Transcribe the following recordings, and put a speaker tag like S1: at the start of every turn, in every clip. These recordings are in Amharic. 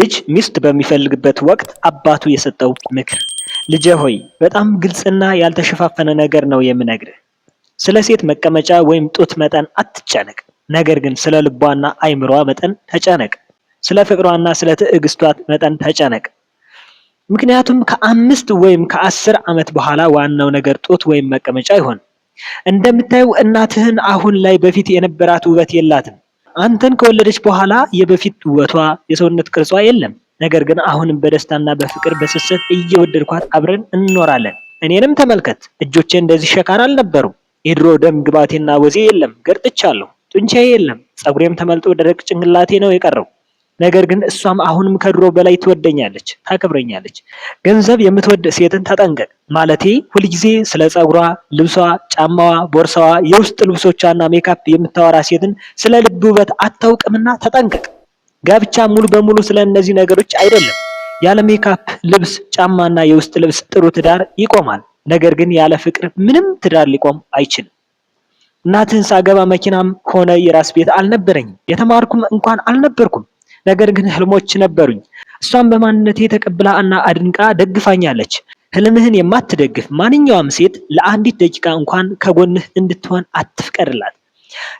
S1: ልጅ ሚስት በሚፈልግበት ወቅት አባቱ የሰጠው ምክር ልጄ ሆይ በጣም ግልጽና ያልተሸፋፈነ ነገር ነው የምነግርህ። ስለ ሴት መቀመጫ ወይም ጡት መጠን አትጨነቅ፣ ነገር ግን ስለ ልቧና አይምሯ መጠን ተጨነቅ። ስለ ፍቅሯና ስለ ትዕግስቷ መጠን ተጨነቅ። ምክንያቱም ከአምስት ወይም ከአስር ዓመት በኋላ ዋናው ነገር ጡት ወይም መቀመጫ ይሆን። እንደምታየው እናትህን አሁን ላይ በፊት የነበራት ውበት የላትም። አንተን ከወለደች በኋላ የበፊት ውበቷ፣ የሰውነት ቅርጿ የለም። ነገር ግን አሁንም በደስታና በፍቅር በስስት እየወደድኳት አብረን እንኖራለን። እኔንም ተመልከት። እጆቼ እንደዚህ ሸካር አልነበሩም። የድሮ ደም ግባቴና ወዜ የለም፣ ገርጥቻለሁ። ጡንቻዬ የለም፣ ጸጉሬም ተመልጦ ደረቅ ጭንቅላቴ ነው የቀረው። ነገር ግን እሷም አሁንም ከድሮ በላይ ትወደኛለች፣ ታከብረኛለች። ገንዘብ የምትወድ ሴትን ተጠንቀቅ። ማለቴ ሁልጊዜ ስለ ጸጉሯ፣ ልብሷ፣ ጫማዋ፣ ቦርሳዋ፣ የውስጥ ልብሶቿና ሜካፕ የምታወራ ሴትን ስለ ልብ ውበት አታውቅምና ተጠንቀቅ። ጋብቻ ሙሉ በሙሉ ስለ እነዚህ ነገሮች አይደለም። ያለ ሜካፕ ልብስ፣ ጫማና የውስጥ ልብስ ጥሩ ትዳር ይቆማል። ነገር ግን ያለ ፍቅር ምንም ትዳር ሊቆም አይችልም። እናትህን ሳገባ መኪናም ሆነ የራስ ቤት አልነበረኝም። የተማርኩም እንኳን አልነበርኩም። ነገር ግን ህልሞች ነበሩኝ። እሷን በማንነቴ ተቀብላ እና አድንቃ ደግፋኛለች። ህልምህን የማትደግፍ ማንኛውም ሴት ለአንዲት ደቂቃ እንኳን ከጎንህ እንድትሆን አትፍቀድላት።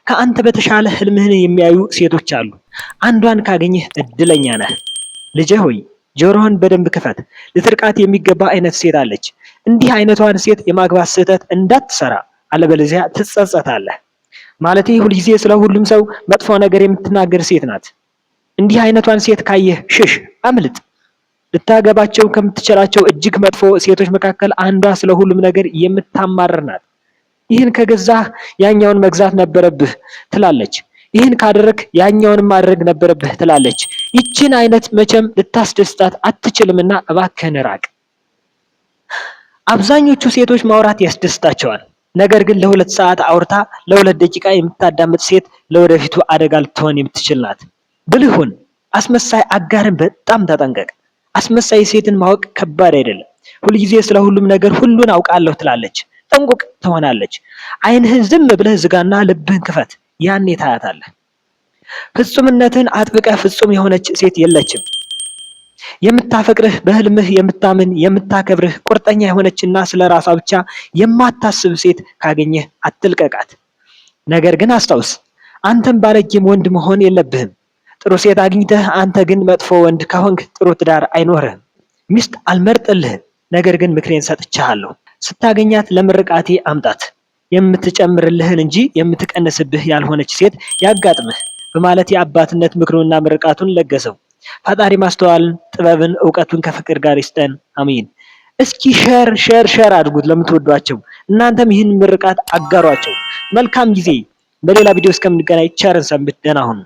S1: ከአንተ በተሻለ ህልምህን የሚያዩ ሴቶች አሉ። አንዷን ካገኘህ እድለኛ ነህ። ልጄ ሆይ ጆሮህን በደንብ ክፈት። ልትርቃት የሚገባ አይነት ሴት አለች። እንዲህ አይነቷን ሴት የማግባት ስህተት እንዳትሰራ፣ አለበለዚያ ትጸጸታለህ። ማለቴ ሁልጊዜ ስለ ሁሉም ሰው መጥፎ ነገር የምትናገር ሴት ናት። እንዲህ አይነቷን ሴት ካየህ ሽሽ፣ አምልጥ። ልታገባቸው ከምትችላቸው እጅግ መጥፎ ሴቶች መካከል አንዷ ስለ ሁሉም ነገር የምታማርር ናት። ይህን ከገዛህ ያኛውን መግዛት ነበረብህ ትላለች። ይህን ካደረግ ያኛውን ማድረግ ነበረብህ ትላለች። ይችን አይነት መቼም ልታስደስታት አትችልምና እባክህን ራቅ። አብዛኞቹ ሴቶች ማውራት ያስደስታቸዋል። ነገር ግን ለሁለት ሰዓት አውርታ ለሁለት ደቂቃ የምታዳምጥ ሴት ለወደፊቱ አደጋ ልትሆን የምትችል ናት። ብልሁን አስመሳይ አጋርን በጣም ተጠንቀቅ። አስመሳይ ሴትን ማወቅ ከባድ አይደለም። ሁልጊዜ ስለ ሁሉም ነገር ሁሉን አውቃለሁ ትላለች። ጥንቁቅ ትሆናለች። አይንህን ዝም ብለህ ዝጋና ልብህን ክፈት። ያኔ ታያታለህ። ፍጹምነትን አጥብቀህ ፍጹም የሆነች ሴት የለችም። የምታፈቅርህ በህልምህ የምታምን የምታከብርህ ቁርጠኛ የሆነችና ስለ ራሷ ብቻ የማታስብ ሴት ካገኘህ አትልቀቃት። ነገር ግን አስታውስ፣ አንተም ባለጌም ወንድ መሆን የለብህም። ጥሩ ሴት አግኝተህ አንተ ግን መጥፎ ወንድ ከሆንክ ጥሩ ትዳር አይኖርህም። ሚስት አልመርጥልህም፣ ነገር ግን ምክሬን ሰጥቻለሁ። ስታገኛት ለምርቃቴ አምጣት፣ የምትጨምርልህን እንጂ የምትቀንስብህ ያልሆነች ሴት ያጋጥምህ በማለት የአባትነት ምክሩንና ምርቃቱን ለገሰው። ፈጣሪ ማስተዋልን፣ ጥበብን፣ እውቀቱን ከፍቅር ጋር ይስጠን። አሚን። እስኪ ሸር ሸር ሸር አድርጉት ለምትወዷቸው። እናንተም ይህን ምርቃት አጋሯቸው። መልካም ጊዜ። በሌላ ቪዲዮ እስከምንገናኝ ቸርን ሰንብት። ደህና ሁኑ።